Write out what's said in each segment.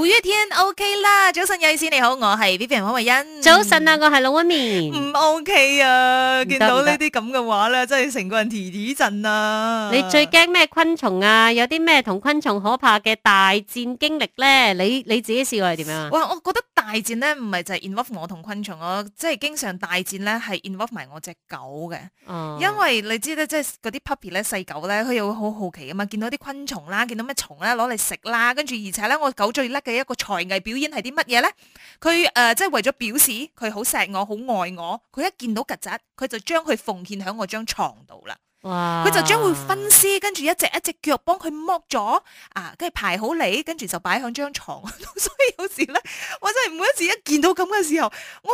五月天 OK 啦，早晨意思你好，我係 Vivian 黃慧欣。早晨啊，我係老屈棉。唔 OK 啊，行見到呢啲咁嘅話咧，行真係成個人提提震啊！你最驚咩昆蟲啊？有啲咩同昆蟲可怕嘅大戰經歷咧？你你自己試過係點樣啊？我、呃、我覺得大戰咧唔係就係 involve 我同昆蟲，我即係經常大戰咧係 involve 埋我隻狗嘅。嗯、因為你知道，即係嗰啲 puppy 咧細狗咧，佢又好好奇啊嘛，見到啲昆蟲啦，見到咩蟲咧攞嚟食啦，跟住而且咧我狗最叻係一個才藝表演係啲乜嘢咧？佢誒、呃，即係為咗表示佢好錫我、好愛我，佢一見到曱甴，佢就將佢奉獻喺我張床度啦。佢哇就將會分屍，跟住一隻一隻腳幫佢剝咗啊，跟住排好理，跟住就擺喺張床度。。 所以有時咧，我真係每一次一見到咁嘅時候，我。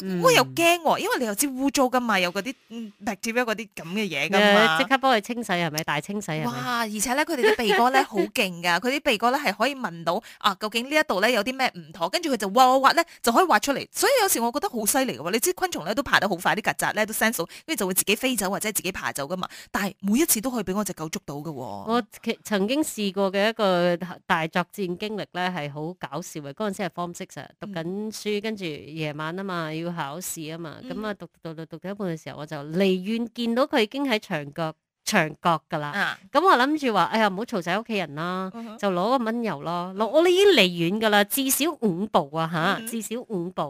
嗯、我又驚喎、哦，因為你又知污糟噶嘛，有嗰啲唔直嗰啲咁嘅嘢噶嘛，即刻幫佢清洗係咪？大清洗係咪？哇！係咪而且咧，佢哋啲鼻哥咧好勁噶，佢啲 鼻哥咧係可以聞到啊，究竟呢一度咧有啲咩唔妥，跟住佢就挖挖挖咧就可以挖出嚟。所以有時我覺得好犀利嘅喎，你知昆蟲咧都爬得好快，啲曱甴咧都 sense 跟住就會自己飛走或者自己爬走噶嘛。但係每一次都可以俾我隻狗捉到嘅喎、哦。我曾經試過嘅一個大作戰經歷咧係好搞笑嘅，嗰陣時係 form six 啊，讀緊書，跟住夜晚啊嘛。要考試啊嘛，咁、嗯、啊、嗯、讀讀讀讀到一半嘅時候，我就離遠見到佢已經喺牆角，牆角噶啦，咁、啊嗯、我諗住話，哎呀，唔好嘈晒屋企人啦，嗯、哼就攞個蚊油咯，攞、哦、我哋已經離遠噶啦，至少五步啊吓，嗯、哼至少五步，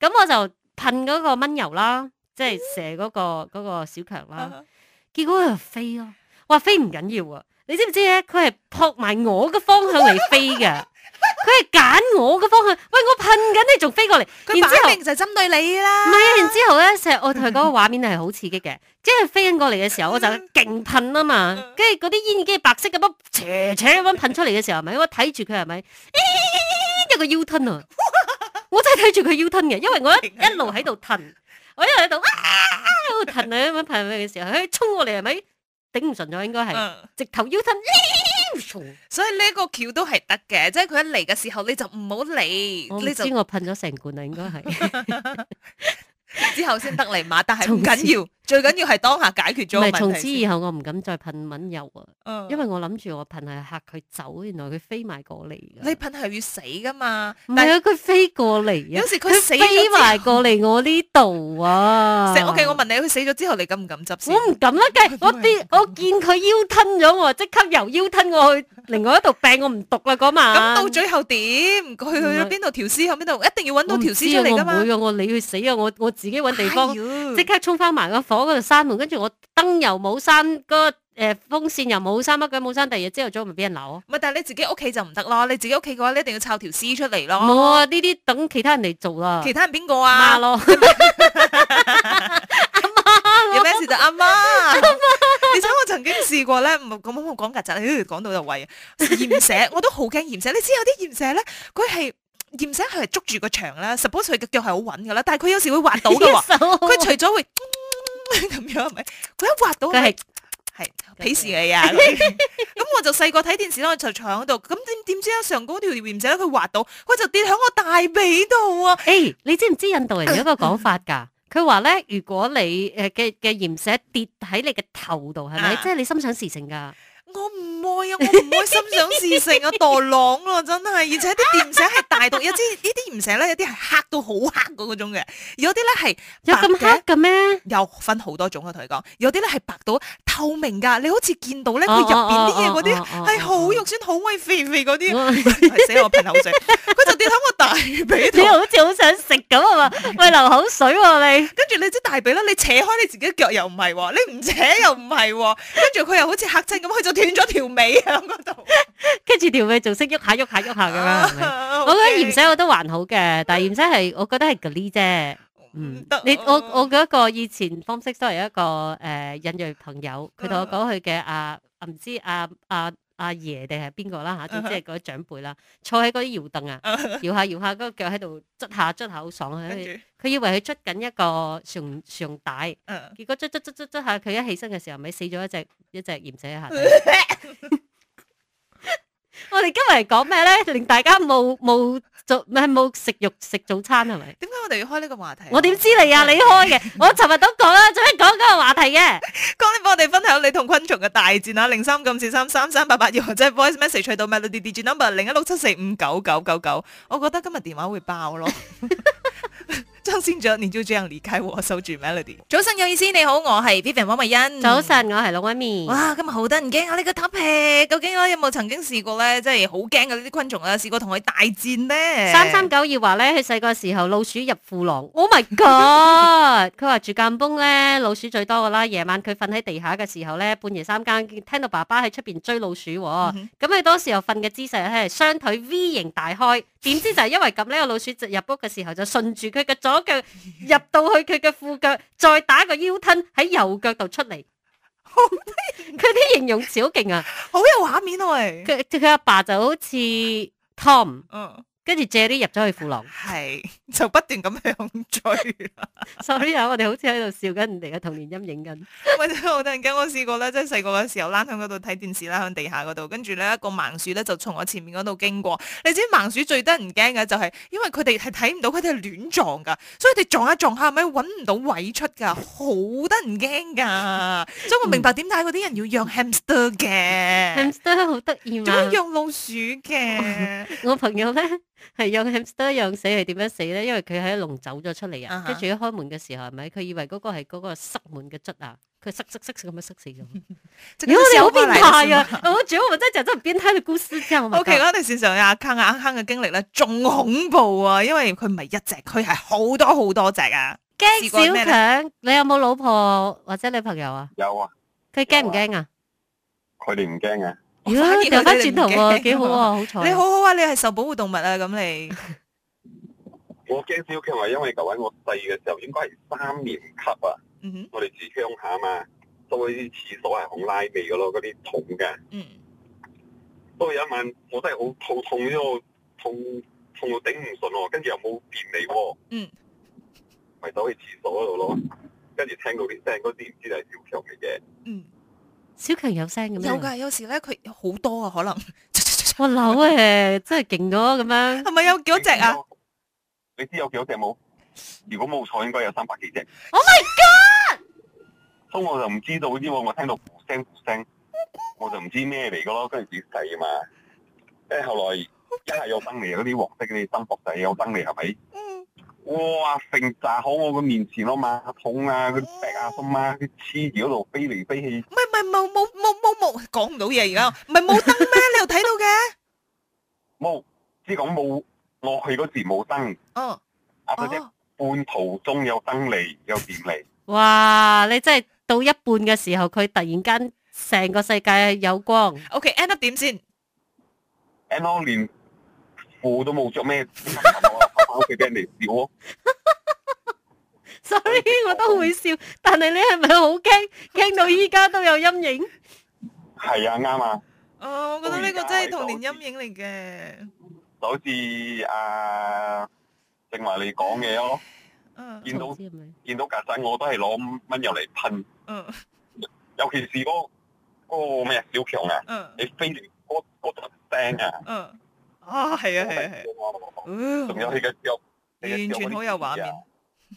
咁、嗯嗯嗯、我就噴嗰個蚊油啦，即係射嗰個、嗯、個小強啦，嗯、哼結果佢又飛咯、啊，哇飛唔緊要啊，你知唔知咧？佢係撲埋我嘅方向嚟飛嘅。 佢係揀我嘅方向，喂！我噴緊你，仲飛過嚟，然之後就針對你啦。唔係然之後咧，成日我同佢嗰個畫面係好刺激嘅，即係飛緊過嚟嘅時候，我就勁噴啊嘛，跟住嗰啲煙機白色咁樣斜斜咁噴出嚟嘅時候，係咪我睇住佢係咪一個腰吞啊？我真係睇住佢腰吞嘅，因為我一一路喺度噴，我一路喺度啊啊啊噴啊咁噴嘅時候，佢衝過嚟係咪頂唔順咗？應該係直頭腰吞。所以呢個橋都係得嘅，即係佢一嚟嘅時候你就唔好嚟，你就我知就我噴咗成罐啦，應該係 之後先得嚟嘛，但係唔緊要緊。最緊要係當下解決咗，唔係從此以後我唔敢再噴蚊油啊，因為我諗住我噴係嚇佢走，原來佢飛埋過嚟。你噴係要死噶嘛？但係佢飛過嚟，有時佢死埋過嚟我呢度啊。O K，我問你，佢死咗之後，你敢唔敢執先？我唔敢啦，我見我見佢腰吞咗我，即刻由腰吞我去另外一度病，我唔讀啦嗰晚。咁到最後點？去去去邊度條屍？去邊度？一定要搵到條屍出嚟噶嘛？唔知我你要死啊！我我自己搵地方，即刻衝翻埋間房。我嗰度閂門，跟住我燈又冇閂，個誒風扇又冇閂，乜鬼冇閂，第二日朝頭早咪俾人鬧。唔係，但係你自己屋企就唔得咯，你自己屋企嘅話，你一定要抄條絲出嚟咯。冇啊，呢啲等其他人嚟做啦。其他人邊個啊？阿媽咯，阿媽有咩事就阿媽。阿媽，而且我曾經試過咧，唔係咁好講曱甴，誒講到就胃。鹽蛇我都好驚鹽蛇，你知有啲鹽蛇咧，佢係鹽蛇係捉住個牆啦，Suppose 佢腳係好穩噶啦，但係佢有時會滑到噶喎，佢除咗會。咁樣咪，佢一滑到係係鄙視你啊！咁我就細個睇電視咯，就坐喺度。咁點點知啊，上高條鹽蛇佢滑到，佢就跌喺我大髀度啊！誒、欸，你知唔知印度人有一個講法噶？佢話咧，如果你誒嘅嘅鹽蛇跌喺你嘅頭度，係咪？啊、即係你心想事成噶。我唔會啊！我唔會心想事成啊！墮狼咯，真係！而且啲電蛇係大毒， 有啲呢啲唔成咧，有啲係黑到好黑嗰種嘅，有啲咧係有咁黑嘅咩？有分好多種啊！同你講，有啲咧係白到透明噶，你好似見到咧佢入邊啲嘢嗰啲係好肉酸、好威肥肥嗰啲，死我平口水，佢 就跌喺我大髀度。 你好似好想。 喂，流口水喎，啊、你，跟住你隻大髀啦，你扯開你自己腳又唔係喎，你唔扯又唔係喎，跟住佢又好似嚇親咁，佢就斷咗條尾喺嗰度，跟住條尾仲識喐下喐下喐下咁樣， 我覺得鹽水我都還好嘅，但鹽水係我覺得係嗰啲啫，唔得。你我我嗰個以前方式都係一個誒、呃、隱約朋友，佢同我講佢嘅阿唔知阿阿。呃呃呃呃呃呃阿、啊、爺定係邊個啦嚇，即係嗰啲長輩啦，uh huh. 坐喺嗰啲搖凳啊，uh huh. 搖下搖下嗰、嗰個腳喺度捽下捽下好爽佢、uh huh. 以為佢捽緊一個上上帶，uh huh. 結果捽捽捽捽捽下，佢一起身嘅時候咪死咗一隻一隻鹽仔喺下底。 我哋今日講咩咧？令大家冇冇做，唔係冇食肉食早餐係咪？點解我哋要開呢個話題？我點知你啊？你開嘅，我尋日都講啦，做咩講呢個話題嘅？講你幫我哋分享你同昆蟲嘅大戰啊！零三九四三三三八八二或者 voice message 到 my D D D number 零一六七四五九九九九，我覺得今日電話會爆咯。張信哲，你就這樣離開我。守住 melody。早晨有意思，你好，我係 Vivian 王維恩。早晨，我係龍威面。哇，今日好得人驚，我呢個 topic 究竟咧有冇曾經試過咧？即係好驚嘅呢啲昆蟲啊，試過同佢大戰咧？三三九二話咧，佢細個時候老鼠入褲浪。Oh my god！佢話住間屋咧老鼠最多噶啦，夜晚佢瞓喺地下嘅時候咧半夜三更聽到爸爸喺出邊追老鼠。咁佢當時候瞓嘅姿勢係雙腿 V 型大開，點知就係因為咁咧，個老鼠入屋嘅時候就順住佢嘅左。腳入到去佢嘅褲腳，再打個腰吞喺右腳度出嚟。好佢啲 形容好勁啊，好有畫面喎。佢佢阿爸就好似 Tom。嗯。Oh. 跟住借啲入咗去庫房，係就不斷咁向追 Sorry。所以啊，我哋好似喺度笑緊人哋嘅童年陰影咁。或 者我都驚，我試過咧，即係細個嘅時候，躝響嗰度睇電視，躝響地下嗰度，跟住咧一個盲鼠咧就從我前面嗰度經過。你知盲鼠最得人驚嘅就係、是，因為佢哋係睇唔到，佢哋係亂撞噶，所以佢哋撞一撞一下，咪揾唔到位出噶，好得人驚噶。 所以我明白點解嗰啲人要養 hamster 嘅，hamster 好得意，仲、嗯、要養老鼠嘅。 鼠 我朋友咧。係用 hamster 養死，係點樣死咧？因為佢喺籠走咗出嚟啊，跟住一開門嘅時候，係咪佢以為嗰個係嗰個塞門嘅卒啊？佢塞塞塞咁樣塞死咗。你好變態啊？我主要我真講咗個變態嘅故事之後，O K，我哋線上啊，坑坑嘅經歷咧仲恐怖啊，因為佢唔係一隻，佢係好多好多隻啊。驚小強，你有冇老婆或者女朋友啊？有啊。佢驚唔驚啊？佢哋唔驚啊。好啦，又翻轉頭幾好啊，嗯、好，啊好啊你好好啊，你係受保護動物啊，咁你。 我驚小強係因為舊位我細嘅時候，應該係三年級啊。我哋住鄉下啊嘛，都啲廁所係好拉尾㗎咯，嗰啲桶嘅。嗯。不過有一晚，我真係好肚痛，呢個痛痛到頂唔順哦，跟住又冇掂你喎。嗯。咪走去廁所嗰度咯，跟住聽到啲聲，嗰啲唔知係小強嘅啫。嗯。小強有聲咁樣，有噶，有時咧佢好多啊，可能。我扭誒，真係勁咗咁樣。係咪有幾多隻啊？你知有幾多隻冇？如果冇錯，應該有三百幾隻。Oh my god！咁 我就唔知道因為，我聽到呼聲呼聲， 我就唔知咩嚟噶咯，跟住點計啊嘛。即、欸、誒，後來一係有燈嚟嗰啲黃色嗰啲新殼仔有燈嚟，係咪？ 哇！成扎響我個面前咯嘛，桶啦，佢劈阿松啦，佢黐住嗰度飛嚟飛去。唔係唔係冇冇冇冇冇，講唔到嘢而家，唔係冇燈咩？你又睇到嘅？冇，即講冇落去嗰時冇燈。哦。阿小姐，半途中有燈嚟，有電嚟。哇！你真係到一半嘅時候，佢突然間成個世界有光。O K，End up 點先？End up 連褲都冇着咩？我幾驚嚟笑，所以我都會笑。但係你係咪好驚？驚到依家都有陰影？係啊，啱啊。哦，我覺得呢個真係童年陰影嚟嘅。就好似阿正話你講嘅咯， 啊、見到見到曱甴我都係攞蚊油嚟噴。嗯、啊。尤其是嗰、那、嗰個咩、那個、小強啊，啊你飛住嗰嗰聲啊。嗯、啊。啊，係啊，係係、啊，啊、完全好有畫面。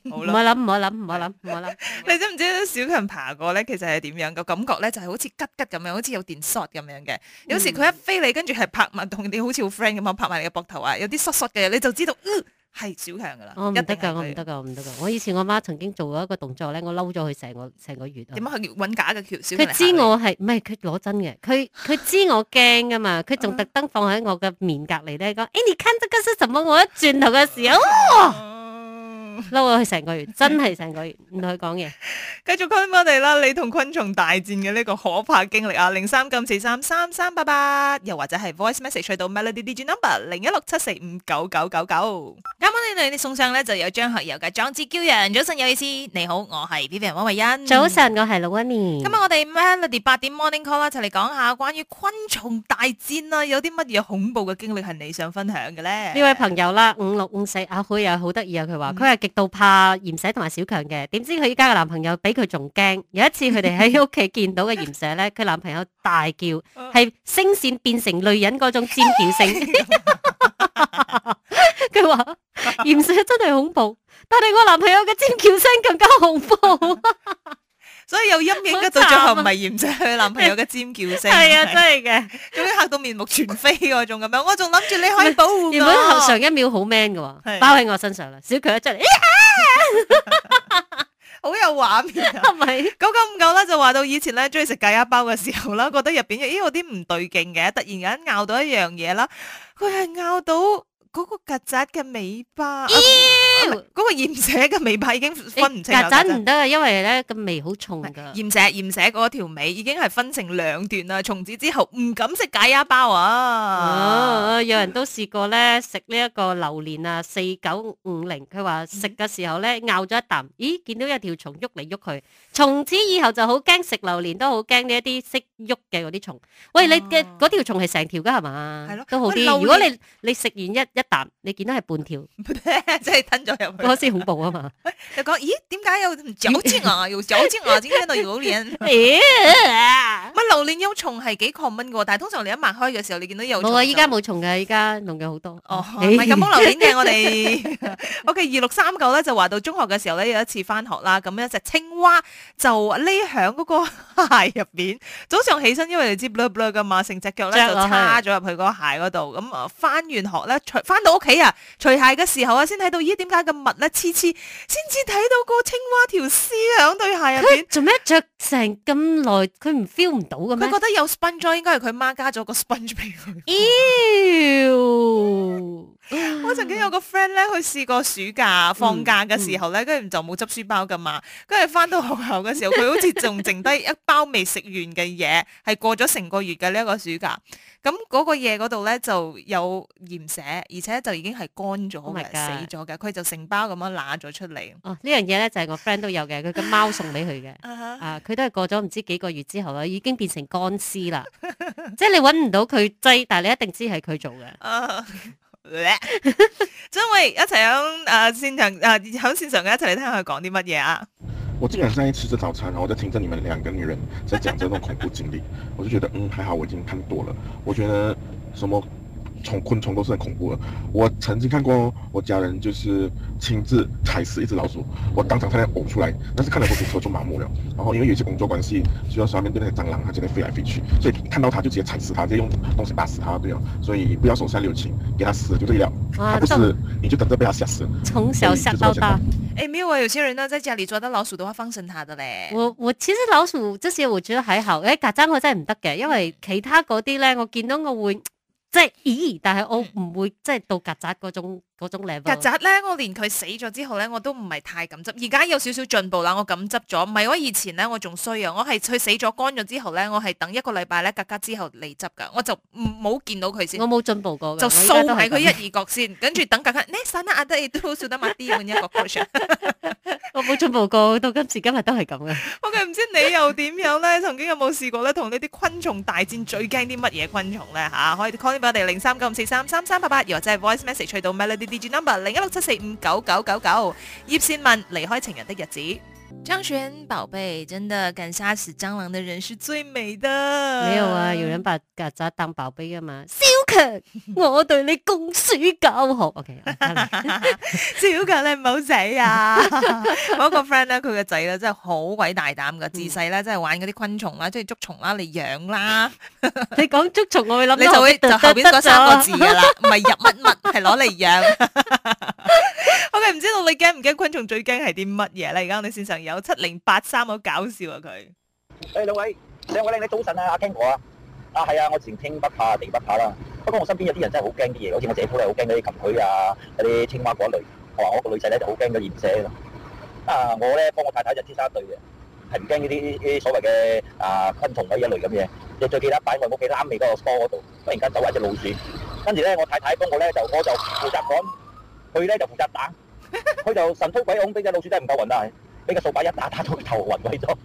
唔好諗，唔好諗，唔好諗，唔好諗。你知唔知小強爬過咧？其實係點樣個感覺咧？就係好似吉吉咁樣，好似有電 shot 咁樣嘅。有時佢一飛你，跟住係拍埋同你好似好 friend 咁啊，拍埋你嘅膊頭啊，有啲濕濕嘅，你就知道。呃係小強噶啦，我唔得噶，我唔得噶，我唔得噶。我以前我媽曾經做過一個動作咧，我嬲咗佢成個成個月。點解佢搵假嘅小強？佢知我係唔係佢攞真嘅？佢佢知我驚㗎嘛，佢仲特登放喺我嘅面隔籬咧，講誒，你啃得嗰啲什麼？我一轉頭嘅時候。哦」嗯嬲咗佢成個月，真係成個月。唔同佢講嘢，繼 續昆我哋啦。你同昆蟲大戰嘅呢個可怕經歷啊，零三九四三三三八八，又或者係 voice message 去到 melody DJ number 零一六七四五九九九九。啱啱呢度呢送上咧，就有張學友嘅《壯志驕陽》。早晨有意思，你好，我係 d B 人汪慧欣。早晨，我係老君面。今日我哋 melody 八點 morning call 啦，就嚟講下關於昆蟲大戰啊。有啲乜嘢恐怖嘅經歷係你想分享嘅咧？呢位朋友啦，五六五四阿許又好得意啊，佢話佢係。極度怕鹽蛇同埋小強嘅，點知佢依家嘅男朋友比佢仲驚。有一次佢哋喺屋企見到嘅鹽蛇呢，佢男朋友大叫，係聲 線變成女人嗰種尖叫聲。佢話鹽蛇真係恐怖，但係我男朋友嘅尖叫聲更加恐怖。 所以有陰影得到最後唔係嫌棄佢男朋友嘅尖叫聲，係啊 真係嘅，終於嚇到面目全非嗰種咁樣，我仲諗住你可以保護我，原本上一秒好 man 嘅包喺我身上啦，的小強一出嚟，哎、 好有畫面，啊，係九九五九啦？就話到以前咧，中意食咖椰包嘅時候啦，覺得入邊咦有啲唔對勁嘅，突然間拗到一樣嘢啦，佢係拗到。嗰個曱甴嘅尾巴，嗰、咦！啊嗰個鹽蛇嘅尾巴已經分唔清。曱甴唔得啊，因為咧個味好重噶。鹽蛇鹽蛇嗰條尾已經係分成兩段啦，從此之後唔敢食解丫包啊、哦。有人都試過咧食呢一個榴蓮啊，四九五零，佢話食嘅時候咧咬咗一啖，咦，見到一條蟲喐嚟喐去，從此以後就好驚食榴蓮，都好驚呢一啲識喐嘅嗰啲蟲。喂，你嘅嗰、哦、條蟲係成條㗎係嘛？係咯，都好啲。如果你六你食完一一。你見到係半條，即係 吞咗入。嗰先恐怖啊嘛！就講 咦？點解有嚼勁啊？有嚼勁啊？點解到榴蓮？乜榴蓮幼蟲係幾抗蚊噶？但係通常你一開嘅時候，你見到有蟲。冇啊！依家冇蟲噶，依家農藥好多。啊、哦，唔係咁講榴蓮嘅， 我哋 O K 二六三九咧就話到中學嘅時候咧，有一次翻學啦，咁一隻青蛙就匿響嗰個鞋入邊。早上起身，因為你知 blue blue 噶嘛，成隻腳咧就叉咗入去嗰個鞋嗰度。咁啊，翻完學咧，翻到屋企啊！除鞋嘅時候啊，先睇到咦？點解咁密咧黐黐？先至睇到個青蛙條絲響對鞋入邊。佢做咩着成咁耐？佢唔 feel 唔到嘅咩？佢覺得有 sponge 應該係佢媽加咗個 sponge 俾佢。 e 啊、我曾經有個 friend 咧，佢試過暑假放假嘅時候咧，跟住、嗯嗯、就冇執書包噶嘛，跟住翻到學校嘅時候，佢好似仲剩低一包未食完嘅嘢，係 過咗成個月嘅呢一個暑假。咁嗰個嘢嗰度咧就有鹽蛇，而且就已經係乾咗，唔、oh、死咗嘅，佢就成包咁樣攋咗出嚟。哦，呢樣嘢咧就係我 friend 都有嘅，佢嘅貓送俾佢嘅。 啊，佢都係過咗唔知幾個月之後啦，已經變成乾屍啦， 即係你搵唔到佢劑，但係你一定知係佢做嘅。 因為 一齊響誒線上誒響線上嘅一齊嚟，聽佢講啲乜嘢啊！啊，我正喺上邊吃着早餐，然後就聽着你們兩個女人在講這種恐怖經歷， 我就覺得，嗯，還好我已經看多了。我覺得什麼？蟲昆蟲都是很恐怖的。我曾經看過，我家人就是親自踩死一隻老鼠，我當場差點嘔出來。但是看得過頭就麻木了。然後因為有些工作關係，需要上面對那些蟑螂，它就在飛來飛去，所以看到它就直接踩死它，直接用東西打死它，對哦。所以不要手下留情，給它死就對了。啊，不、就是你就等着被它嚇死。從小嚇到大，哎，沒有啊。有些人呢，在家裏抓到老鼠的話，放生它的嘞。我我其實老鼠，這些我覺得還好。哎，曱甴我真係唔得嘅，因為其他嗰啲咧，我見到我會。即係咦？但係我唔會即係到曱甴嗰種。曱甴咧，我連佢死咗之後咧，我都唔係太敢執。而家有少少進步啦，我敢執咗。唔係話以前咧，我仲衰啊！我係佢死咗乾咗之後咧，我係等一個禮拜咧曱甴之後嚟執噶，我就唔冇見到佢先。我冇進步過，就掃喺佢一二角先，跟住等曱甴。你散啦，阿爹，你都好少得買啲換一個。我冇進步過，到今時今日都係咁嘅。我哋唔知你又點樣咧？曾經有冇試過咧？同呢啲昆蟲大戰最驚啲乜嘢昆蟲咧？吓，可以 call 俾我哋零三九五四三三三八八，又或者係 voice message 去到咩 Digi Number 零一六七四五九九九九，葉倩文離開情人的日子。.張懸寶貝，真的敢殺死蟑螂的人是最美的。沒有啊，有人把曱甴當寶貝嘅嘛小強我對你供書教學。O K，小強你唔好死啊！我一 個 friend 咧，佢個仔咧真係好鬼大膽嘅，嗯、自細咧真係玩嗰啲昆蟲啦，即係捉蟲啦嚟養啦。你講 捉蟲我會諗，你就會就後邊嗰三個字嘅啦，唔係入乜乜，係攞嚟養。O K，唔知道你驚唔驚昆蟲？最驚係啲乜嘢咧？而家我哋先上。有七零八三，好搞笑啊！佢，誒，兩位兩位咧，你早晨啊，阿 Ken 哥啊，啊係啊，我前聽不怕地不怕啦。不過我身邊有啲人真係好驚啲嘢，好似我姐夫咧，好驚嗰啲蠄蟝啊，嗰啲青蛙嗰類。我話我個女仔咧就好驚嗰染色噶。啊，我咧幫我太太就天生一對嘅，係唔驚呢啲啲所謂嘅啊昆蟲啊一類咁嘢。就最記得擺喺我屋企啱味嗰個窗嗰度，忽然間走埋一隻老鼠，跟住咧我太太幫我咧就我就負責趕，佢咧就負責打，佢就神出鬼沒，嗰隻老鼠真係唔夠運啊！俾個掃把一打打到佢頭暈鬼咗，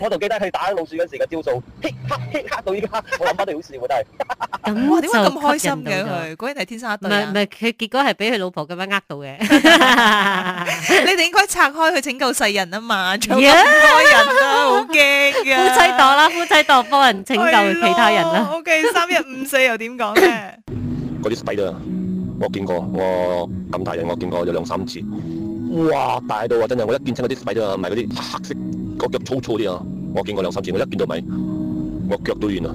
我仲記得佢打老鼠嗰時嘅招數，嘿黑嘿黑到依家，我諗翻都好笑喎真係。點解咁開心嘅佢，果然係天生一對啊。唔係唔係，佢結果係俾佢老婆咁樣呃到嘅。你哋應該拆開去拯救世人啊嘛，搶救多人啦，好驚啊！夫妻檔啦，夫妻檔幫人拯救其他人啦。O K，三日五時又點講嘅？嗰啲鬼咗，我見過，我咁大人我見過有兩三次。哇大到啊！真係我一見親嗰啲米啊，唔係嗰啲黑色，個腳粗粗啲啊！我見過兩三次，我一見到米，我腳都軟啊！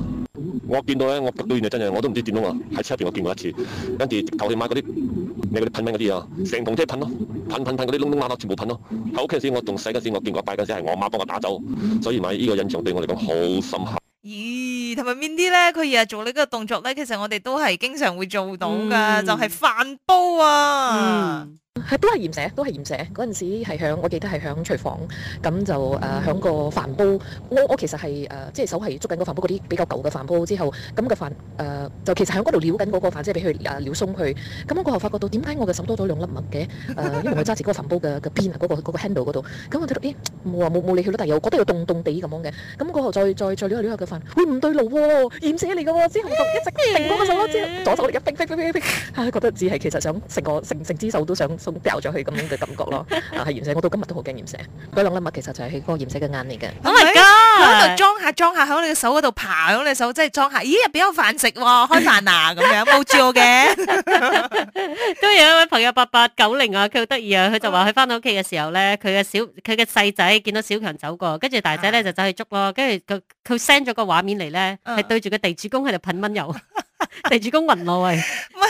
我見到咧，我腳都軟啊！真係我都唔知點啊！喺車入邊我見過一次，跟住直頭先買嗰啲你嗰啲噴噴嗰啲啊，成桶車噴咯，啊，噴噴噴嗰啲窿窿罅罅全部噴咯，啊。喺屋企先，我仲細嗰時我見過拜，拜嗰時係我媽幫我打走，所以買呢個印象對我嚟講好深刻。咦、嗯，同埋邊啲咧？佢日日做呢個動作咧，其實我哋都係經常會做到噶，嗯、就係飯煲啊。嗯係都係鹽蛇，都係鹽蛇。嗰陣時係響，我記得係響廚房，咁就誒響個飯煲。我我其實係誒，即係手係捉緊個飯煲，嗰啲比較舊嘅飯煲之後，咁個飯誒就其實響嗰度撩緊嗰個飯，即係俾佢誒撩鬆佢。咁我過後發覺到點解我嘅手多咗兩粒物嘅？誒，因為我揸住個飯煲嘅嘅邊啊，嗰個嗰個 handle 嗰度。咁我睇到，咦，我話冇冇理佢咯，但係又覺得有凍凍地咁樣嘅。咁我過後再再再撩下撩下個飯，會唔對路喎？鹽蛇嚟嘅喎，之後一直停嗰個手咯，之後左手力一逼逼逼逼逼，唉，覺得只係其實想成個成成隻手都想。.送掉咗佢咁樣嘅感覺咯， 啊係鹽蛇，我到今日都好驚鹽蛇。嗰兩 粒物其實就係佢嗰個鹽蛇嘅眼嚟嘅。Oh my God！喺度裝下裝下，喺你嘅手嗰度爬喺你手，即係裝下。咦，入邊有飯食喎，啊？開飯啊！咁樣冇住我嘅。 都有一位朋友八八九零啊，佢好得意啊，佢就話佢返到屋企嘅時候咧，佢嘅小佢嘅細仔見到小強走過，跟住大仔咧就走去捉咯，跟住佢佢 send 咗個畫面嚟咧，係對住個地主公喺度噴蚊油。 地主公暈我喂，唔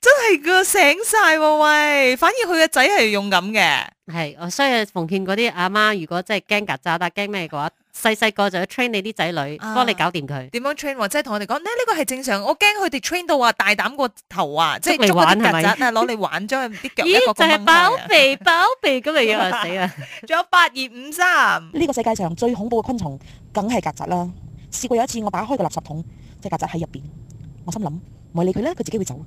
真係個醒晒喂，反而佢個仔係勇敢嘅，係 所以奉勸嗰啲阿媽，媽媽如果真係驚曱甴，但驚咩嘅話，細細個就要 train 你啲仔女，幫、啊、你搞掂佢。點樣 train？即係同我哋講咧，呢個係正常。我驚佢哋 train 到話大膽過頭啊，即係捉啲曱甴啊，攞嚟 玩，將啲腳一個一個掹開、啊。咦，就係包肥包肥咁嚟死啦！仲有八二五三，呢個世界上最恐怖嘅昆蟲，梗係曱甴啦。試過有一次，我打開個垃圾桶，即係曱甴喺入邊。我心諗唔使理佢啦，佢自己會走。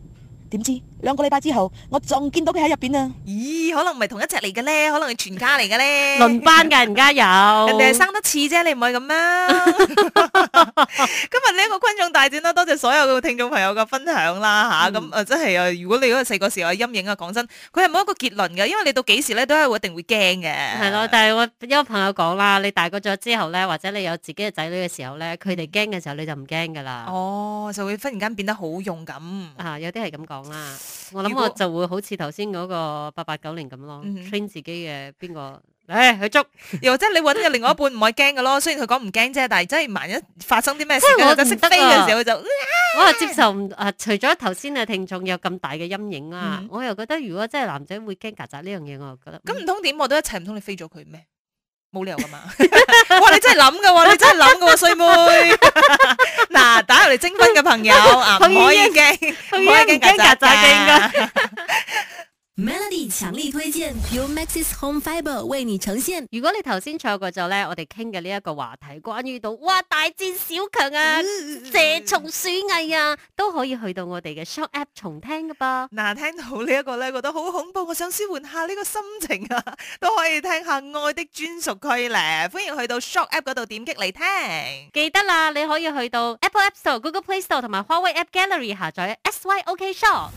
點知兩個禮拜之後，我仲見到佢喺入邊啊！咦，可能唔係同一隻嚟嘅咧，可能係全家嚟嘅咧。輪 班嘅，人家有。人哋係生得似啫，你唔係咁啊！ 今日呢一個昆蟲大戰啦，多謝所有嘅聽眾朋友嘅分享啦吓。咁誒、嗯啊，真係啊，如果你嗰個細個時候嘅陰影啊，講真，佢係冇一個結論嘅，因為你到幾時咧，都係會一定會驚嘅。係咯，但係我一個朋友講啦，你大個咗之後咧，或者你有自己嘅仔女嘅時候咧，佢哋驚嘅時候，時候你就唔驚噶啦。哦，就會忽然間變得好勇敢啊！有啲係咁講。講啦，我諗我就會好似頭先嗰個八八九年咁咯，train 自己嘅邊個，誒、嗯哼哎、去捉，又或者你搵到另外一半唔係驚嘅咯，雖然佢講唔驚啫，但係真係萬一發生啲咩事，我就識飛嘅時候就，我接受唔誒、啊，除咗頭先嘅聽眾有咁大嘅陰影啦、啊，嗯、哼我又覺得如果真係男仔會驚曱甴呢樣嘢，我就覺得咁唔通點？我都一齊唔通你飛咗佢咩？冇理由噶嘛， 哇！你真係諗噶喎，你真係諗噶喎，衰 壞妹。嗱， 打入嚟徵婚嘅朋友 啊，唔可以驚，唔 可以驚驚曱甴嘅。 Melody 強力推薦 Pure Maxis Home Fiber 為你呈現。如果你頭先錯過咗咧，我哋傾嘅呢一個話題，關於到哇大戰小強啊，蛇蟲鼠蟻啊，都可以去到我哋嘅 Shop App 重聽嘅噃。嗱、呃，聽到呢一個咧，覺得好恐怖，我想舒緩下呢個心情啊，都可以聽下愛的專屬區咧。歡迎去到 Shop App 嗰度點擊嚟聽。記得啦，你可以去到 Apple App Store、Google Play Store 同埋華為 App Gallery 下載 SYOK Shop。